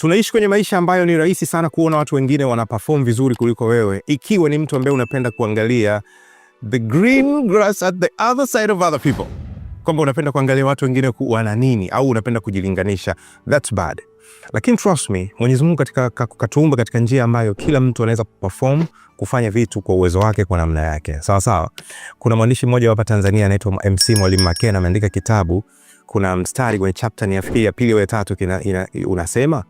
Tunaishi kwenye maisha ambayo ni rahisi sana kuona watu wengine wana perform vizuri kuliko wewe, ikiwa ni mtu ambaye unapenda kuangalia the green grass at the other side of other people, kwamba unapenda kuangalia watu wengine wana nini, au unapenda kujilinganisha. That's bad. Lakini trust me, Mwenyezi Mungu katika katuumba katika njia ambayo kila mtu anaweza kuperform kufanya vitu kwa uwezo wake kwa namna yake, sawa sawa. Kuna mwandishi mmoja hapa Tanzania anaitwa MC Mwalimu Makena, ameandika kitabu. Kuna mstari kwenye chapter ni ya pili ya pili au ya tatu, unasema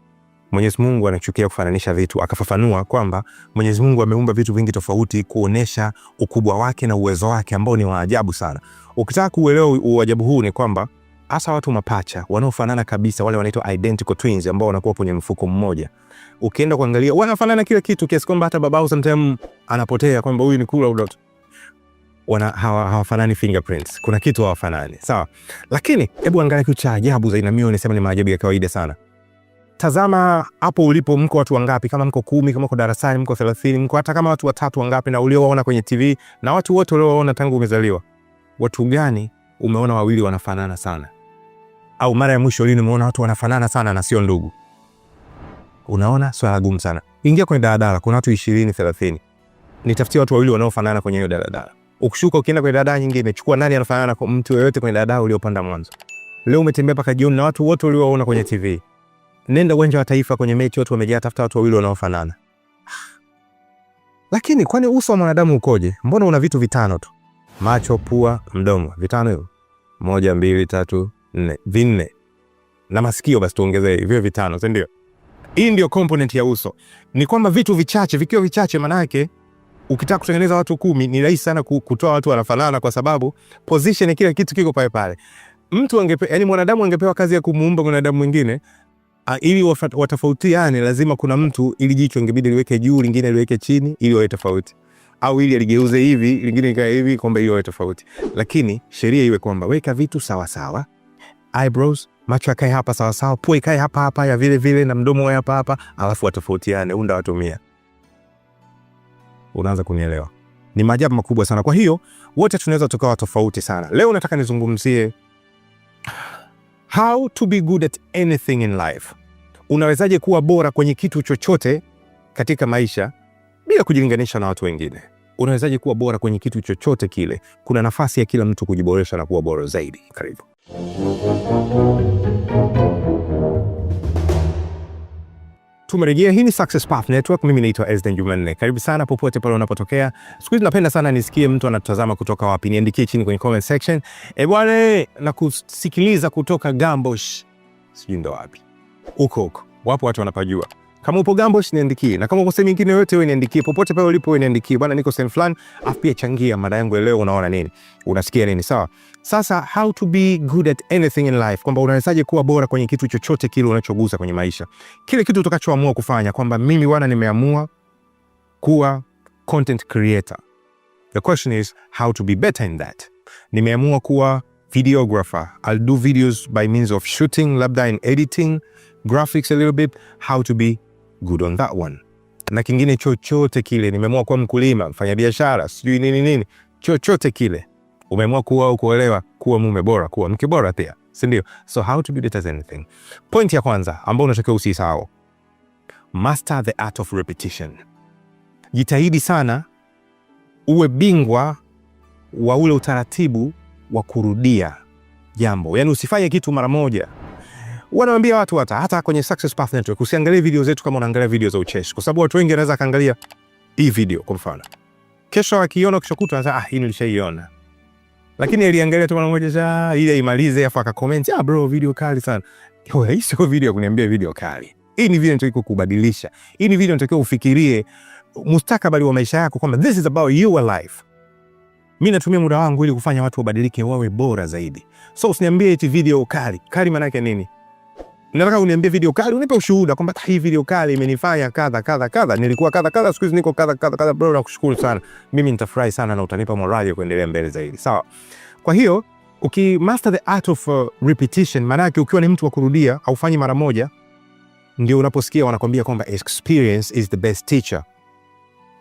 Mwenyezi Mungu anachukia kufananisha vitu, akafafanua kwamba Mwenyezi Mungu ameumba vitu vingi tofauti kuonesha ukubwa wake na uwezo wake ambao ni waajabu sana. Ukitaka kuelewa uajabu huu ni kwamba hasa watu mapacha wanaofanana kabisa, wale wanaitwa identical twins ambao wanakuwa kwenye mfuko mmoja, ukienda kuangalia wanafanana kila kitu, kiasi kwamba hata babao sometimes anapotea kwamba huyu ni kula udoto wana hawa, hawafanani fingerprints, kuna kitu hawafanani sawa. Lakini hebu angalia kitu cha ajabu zaidi, na mimi nisema ni maajabu ya kawaida sana tazama hapo ulipo, mko watu wangapi? Kama mko kumi, kama mko darasani, mko thelathini, mko hata kama watu watatu wangapi, na uliowaona kwenye TV na watu wote uliowaona tangu umezaliwa, watu gani umeona wawili wanafanana sana? Au mara ya mwisho lini umeona watu wanafanana sana na sio ndugu? Unaona swala gumu sana. Ingia kwenye daladala, kuna watu ishirini, thelathini, nitafutie watu wawili wanaofanana kwenye hiyo daladala. Ukishuka ukienda kwenye daladala nyingine, chukua nani anafanana na mtu yeyote kwenye daladala uliopanda mwanzo. Leo umetembea mpaka jioni na watu wote uliowaona kwenye TV nenda uwanja wa Taifa kwenye mechi, watu wamejaa, tafuta watu wawili wanaofanana. Lakini kwani uso wa mwanadamu ukoje? Mbona una vitu vitano tu: macho, pua, mdomo, vitano hivyo, moja, mbili, tatu, nne, vinne na masikio, basi tuongezee hivyo vitano, si ndio? Hii ndio component ya uso, ni kwamba vitu vichache vikiwa vichache, maana yake ukitaka kutengeneza watu kumi ni rahisi sana kutoa watu wanafanana, kwa sababu position, kila kitu kiko pale pale. Mtu angepe, yani mwanadamu angepewa kazi ya kumuumba mwanadamu mwingine Ah, ili watofautiane, lazima kuna mtu, ili jicho ingebidi liweke juu, lingine liweke chini, ili wawe tofauti, au ili aligeuze hivi, lingine ikae hivi, kwamba ili wawe tofauti. Lakini sheria iwe kwamba weka vitu sawa sawa, eyebrows macho yakae hapa sawa sawa, pua ikae hapa hapa ya vile vile, na mdomo wae hapa hapa, alafu watofautiane, unda watumia. Unaanza kunielewa? Ni maajabu makubwa sana. Kwa hiyo wote tunaweza tukawa tofauti sana. Leo nataka nizungumzie how to be good at anything in life unawezaje kuwa bora kwenye kitu chochote katika maisha bila kujilinganisha na watu wengine? Unawezaje kuwa bora kwenye kitu chochote kile? Kuna nafasi ya kila mtu kujiboresha na kuwa bora zaidi. Karibu. Tumerejea. Hii ni Success Path Network. Mimi naitwa Ezden Jumanne. Karibu sana popote pale unapotokea. Siku hizi napenda sana nisikie mtu anatazama kutoka wapi. Niandikie chini kwenye comment section. E bwana, eh, na kusikiliza kutoka Gambosh, sijui ndo wapi huko huko, wapo watu wanapajua. Kama upo Gambo niandikie, na kama uko sehemu nyingine yoyote wewe niandikie, popote pale ulipo wewe niandikie, bwana, niko sehemu fulani, afu pia changia mada yangu leo, unaona nini, unasikia nini? Sawa. Sasa, how to be good at anything in life, kwamba unawezaje kuwa bora kwenye kitu chochote kile unachogusa kwenye maisha, kile kitu utakachoamua kufanya, kwamba mimi bwana, nimeamua kuwa content creator. The question is how to be better in that. Nimeamua kuwa videographer. I'll do videos by means of shooting, labda in editing graphics a little bit, how to be good on that one. Na kingine chochote kile, nimeamua kuwa mkulima, mfanya mfanyabiashara, sijui nini nini, chochote kile umeamua kuwa au kuolewa, kuwa mume bora, kuwa mke bora pia, si ndio? So how to be better than anything. Point ya kwanza ambayo unatakiwa usisahau, master the art of repetition. Jitahidi sana uwe bingwa wa ule utaratibu wa kurudia jambo, yaani usifanye kitu mara moja Wanaambia watu hata hata kwenye Success Path Network usiangalie video zetu kama unaangalia video za ucheshi, kwa sababu watu wengi wanaweza kaangalia hii video kwa mfano, kesho akiona kesho anasema ah, hii nilishaiona, lakini aliangalia tu mara moja za ah, ile imalize, afa akakoment ah, bro video kali sana. Hii sio video kuniambia video kali, hii ni video inatakiwa kukubadilisha. Hii ni video inatakiwa ufikirie mustakabali wa maisha yako, kwamba this is about your life. Mimi natumia muda wangu ili kufanya watu wabadilike wawe bora zaidi. So usiniambie eti video kali kali, maana yake nini? nataka uniambie video kali, unipe ushuhuda kwamba hii video kali imenifanya kadha kadha kadha, nilikuwa kadha kadha, siku hizi niko kadha kadha kadha. Bro, nakushukuru sana, mimi nitafurahi sana na utanipa morali ya kuendelea mbele zaidi, sawa? Kwa hiyo uki master the art of uh, repetition, maana yake ukiwa ni mtu wa kurudia, haufanyi mara moja, ndio unaposikia wanakwambia kwamba experience is the best teacher,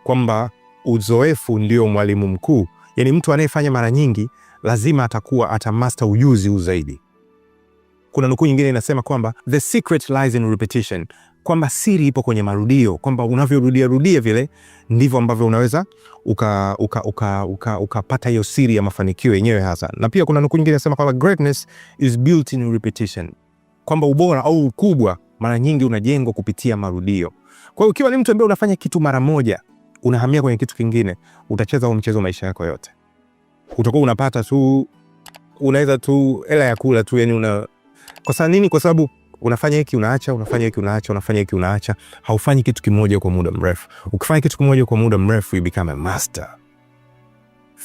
kwamba uzoefu ndio mwalimu mkuu. Yani mtu anayefanya mara nyingi lazima atakuwa atamaster ujuzi huu zaidi kuna nukuu nyingine inasema kwamba the secret lies in repetition, kwamba siri ipo kwenye marudio, kwamba unavyorudia rudia vile ndivyo ambavyo unaweza ukapata uka, uka, uka, uka hiyo siri ya mafanikio yenyewe hasa. Na pia kuna nukuu nyingine inasema kwamba greatness is built in repetition, kwamba ubora au ukubwa mara nyingi unajengwa kupitia marudio. Kwa hiyo ukiwa ni mtu ambaye unafanya kitu mara moja, unahamia kwenye kitu kingine, utacheza huo mchezo maisha yako yote, utakuwa unapata tu, unaweza tu hela ya kula tu, yani una kwa sababu nini? Kwa sababu unafanya hiki unaacha, unafanya hiki unaacha, unafanya hiki unaacha, haufanyi kitu kimoja kwa muda mrefu. Ukifanya kitu kimoja kwa muda mrefu, you become a master.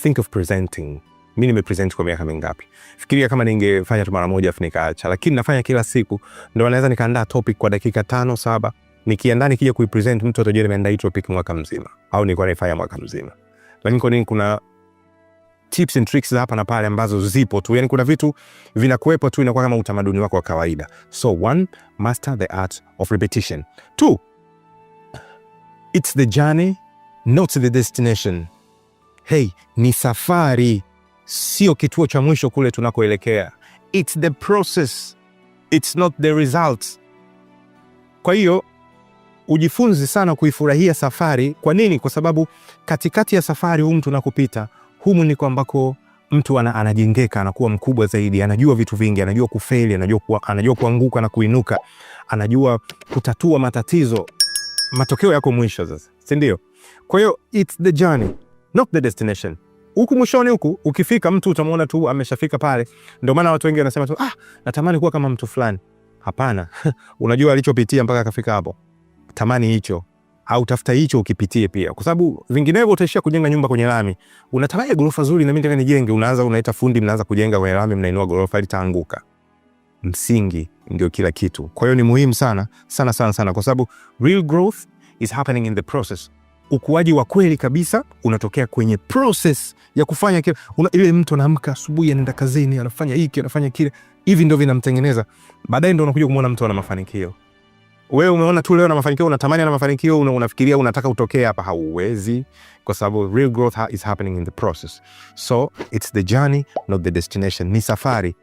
Think of presenting. Mimi nimepresent kwa miaka mingapi? Fikiria kama ningefanya tu mara moja afu nikaacha, lakini nafanya kila siku, ndo naweza nikaandaa topic kwa dakika tano saba, nikiandaa nikija kuipresent, mtu atajua nimeandaa hii topic mwaka mzima, au nilikuwa naifanya mwaka mzima. Lakini kwa nini kuna tips and tricks hapa na pale ambazo zipo tu, yani kuna vitu vinakuwepo tu, inakuwa kama utamaduni wako wa kawaida. So one, master the art of repetition. Two, it's the journey not the destination. Hey, ni safari, sio kituo cha mwisho kule tunakoelekea. It's the process, it's not the result. Kwa hiyo ujifunze sana kuifurahia safari. Kwa nini? Kwa sababu katikati ya safari huu mtu nakupita humu ni ambako mtu ana, anajengeka anakuwa mkubwa zaidi, anajua vitu vingi, anajua kufeli, anajua, ku, anajua kuanguka na kuinuka, anajua kutatua matatizo. Matokeo yako mwisho sasa, si ndio? Kwa hiyo it's the journey not the destination. Huku mwishoni huku ukifika, mtu utamwona tu ameshafika pale. Ndio maana watu wengi wanasema tu ah, natamani kuwa kama mtu fulani. Hapana unajua alichopitia mpaka akafika hapo, tamani hicho au tafuta hicho ukipitie pia, kwa sababu vinginevyo utaishia kujenga nyumba kwenye lami. Unatarajia gorofa zuri na mimi nataka nijenge, unaanza unaita fundi, mnaanza kujenga kwenye lami, mnainua gorofa litaanguka. Msingi ndio kila kitu. Kwa hiyo ni muhimu sana sana sana sana, kwa sababu real growth is happening in the process. Ukuaji wa kweli kabisa unatokea kwenye process ya kufanya kile. Ile mtu anaamka asubuhi, anaenda kazini, anafanya hiki, anafanya kile, hivi ndio vinamtengeneza. Baadaye ndio unakuja kumwona mtu ana mafanikio wewe umeona tu leo na mafanikio, unatamani na mafanikio, unafikiria unataka utokee hapa, hauwezi, kwa sababu real growth is happening in the process. So it's the journey not the destination. Ni safari,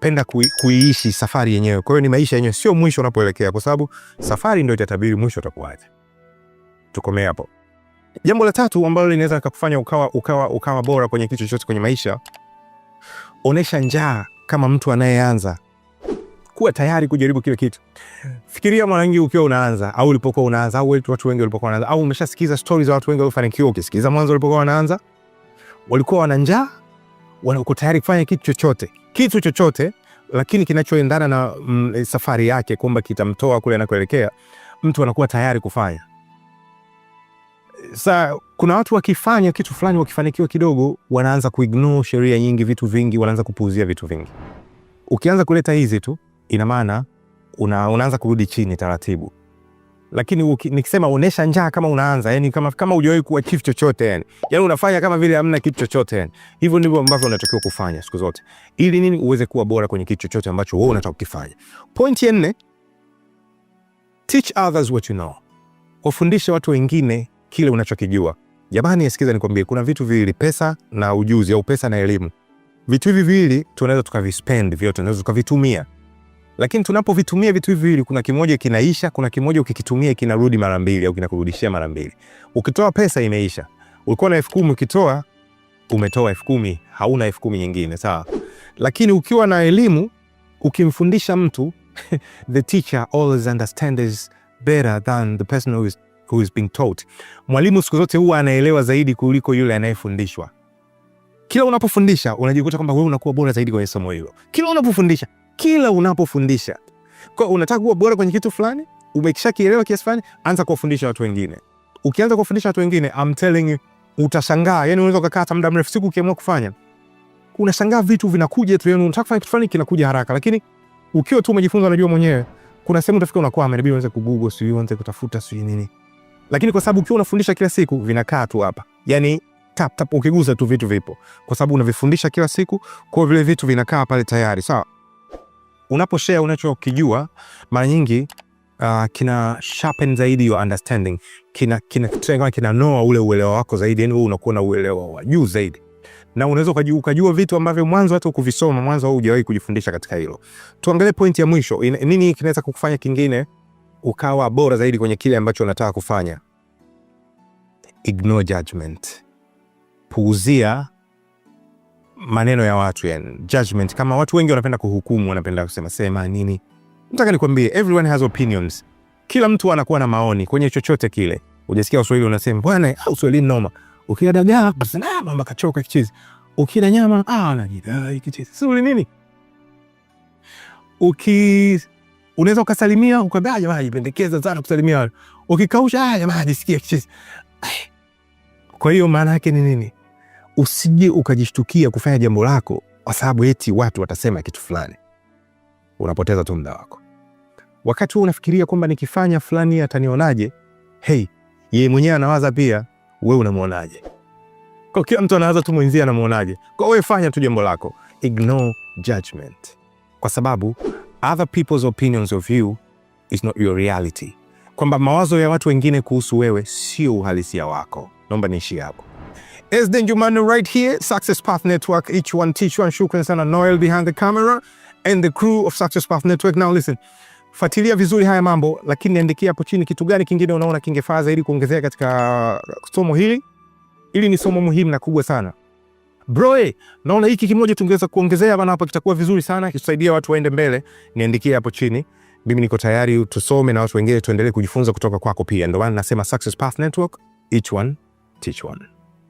penda kui, kuiishi safari yenyewe. Kwa hiyo ni maisha yenyewe, sio mwisho unapoelekea, kwa sababu safari ndio itatabiri mwisho utakuwaje. Tukomee hapo. Jambo la tatu ambalo linaweza kukufanya ukawa, ukawa, ukawa bora kwenye kitu chochote kwenye maisha, onesha njaa kama mtu anayeanza kuwa tayari kujaribu kile kitu. Fikiria mara nyingi ukiwa unaanza au ulipokuwa unaanza au watu wengi walipokuwa wanaanza au umeshasikiza stories za watu wengi waliofanikiwa. Ukisikiza mwanzo walipokuwa wanaanza, walikuwa wana njaa, wanakuwa tayari kufanya kitu chochote, kitu chochote, lakini kinachoendana na mm, safari yake kwamba kitamtoa kule anakoelekea, mtu anakuwa tayari kufanya. Sa kuna watu wakifanya kitu fulani wakifanikiwa kidogo, wanaanza kuignore sheria nyingi, vitu vingi, wanaanza kupuuzia vitu vingi. Ukianza kuleta hizi tu ina maana una, unaanza kurudi chini taratibu. Lakini uki, nikisema unesha njaa kama unaanza yani, kama kama hujawahi kuwa chief chochote yani, yani unafanya kama vile hamna kitu chochote yani. Hivyo ndivyo ambavyo unatakiwa kufanya siku zote, ili nini uweze kuwa bora kwenye kitu chochote ambacho wewe unataka kukifanya. Point ya nne, teach others what you know, wafundishe watu wengine kile unachokijua. Jamani, nisikiza nikwambie, kuna vitu viwili, pesa na ujuzi, au pesa na elimu. Vitu hivi viwili tunaweza tukavispend vyote, tunaweza tukavitumia lakini tunapovitumia vitu hivi viwili, kuna kimoja kinaisha, kuna kimoja ukikitumia kinarudi mara mbili au kinakurudishia mara mbili. Ukitoa pesa imeisha. Ulikuwa na elfu kumi ukitoa umetoa elfu kumi hauna elfu kumi nyingine, sawa. Lakini ukiwa na elimu, ukimfundisha mtu the teacher always understands better than the person who is, who is being taught. Mwalimu siku zote huwa anaelewa zaidi kuliko yule anayefundishwa. Kila unapofundisha unajikuta kwamba wewe unakuwa bora zaidi kwenye somo hilo, kila unapofundisha kila unapofundisha. Kwa unataka kuwa bora kwenye kitu fulani, umekisha kielewa kiasi fulani, anza kuwafundisha watu wengine. Ukianza kuwafundisha watu wengine, I'm telling you, utashangaa. Yani unaweza ukakaa hata muda mrefu siku ukiamua kufanya, unashangaa vitu vinakuja tu. Yani unataka kufanya kitu fulani kinakuja haraka, lakini ukiwa tu umejifunza, unajua mwenyewe, kuna sehemu utafika unakwama, ah, inabidi uanze kugoogle, sijui uanze kutafuta, sijui nini. Lakini kwa sababu ukiwa unafundisha kila siku, vinakaa tu hapa, yani tap tap, ukigusa tu vitu vipo, kwa sababu unavifundisha kila siku, kwa vile vitu vinakaa pale tayari, sawa. so, unaposhea unachokijua mara nyingi uh, kina sharpen zaidi your understanding, kina kina kina kina noa ule uelewa wako zaidi, yani wewe unakuwa na uelewa wa juu zaidi, na unaweza ukajua ukajua vitu ambavyo mwanzo hata ukuvisoma mwanzo au hujawahi kujifundisha katika hilo. Tuangalie pointi ya mwisho, in, nini kinaweza kukufanya kingine ukawa bora zaidi kwenye kile ambacho unataka kufanya. Ignore judgment, puuzia maneno ya watu yani, judgment. Kama watu wengi wanapenda kuhukumu, wanapenda kusema sema nini, nataka nikwambie, everyone has opinions. Kila mtu anakuwa na maoni kwenye chochote kile. Ujasikia Uswahili unasema bwana, au Uswahili noma, ukila dagaa basi na mama kachoka kichizi, ukila nyama ah, anajidai kichizi, sio nini, uki unaweza ukasalimia ukaambia jamaa ajipendekeza sana kusalimia, ukikausha ah, jamaa ajisikia kichizi. Kwa hiyo maana yake ni nini? usije ukajishtukia kufanya jambo lako kwa sababu eti watu watasema kitu fulani. Unapoteza tu muda wako, wakati huu unafikiria kwamba nikifanya fulani atanionaje? Hey, yeye mwenyewe anawaza pia, wewe unamuonaje? Kwa kila mtu anawaza tu mwenzie anamuonaje. Kwa wewe fanya tu jambo lako, ignore judgment, kwa sababu other people's opinions of you is not your reality, kwamba mawazo ya watu wengine kuhusu wewe sio uhalisia wako. Naomba niishie hapo. It's Dean Jumanu right here, Success Path Network, each one teach one. Shukrani sana Noel behind the camera and the crew of Success Path Network. Now listen, fatilia vizuri haya mambo, lakini niandikia hapo chini kitu gani kingine unaona kingefaa zaidi kuongezea katika somo hili. Hili ni somo muhimu na kubwa sana. Bro, eh, naona hiki kimoja tungeweza kuongezea bana hapa kitakuwa vizuri sana, kitusaidia watu waende mbele. Niandikia hapo chini. Mimi niko tayari tusome na watu wengine tuendelee kujifunza kutoka kwako pia. Ndio maana nasema Success Path Network, each one teach one.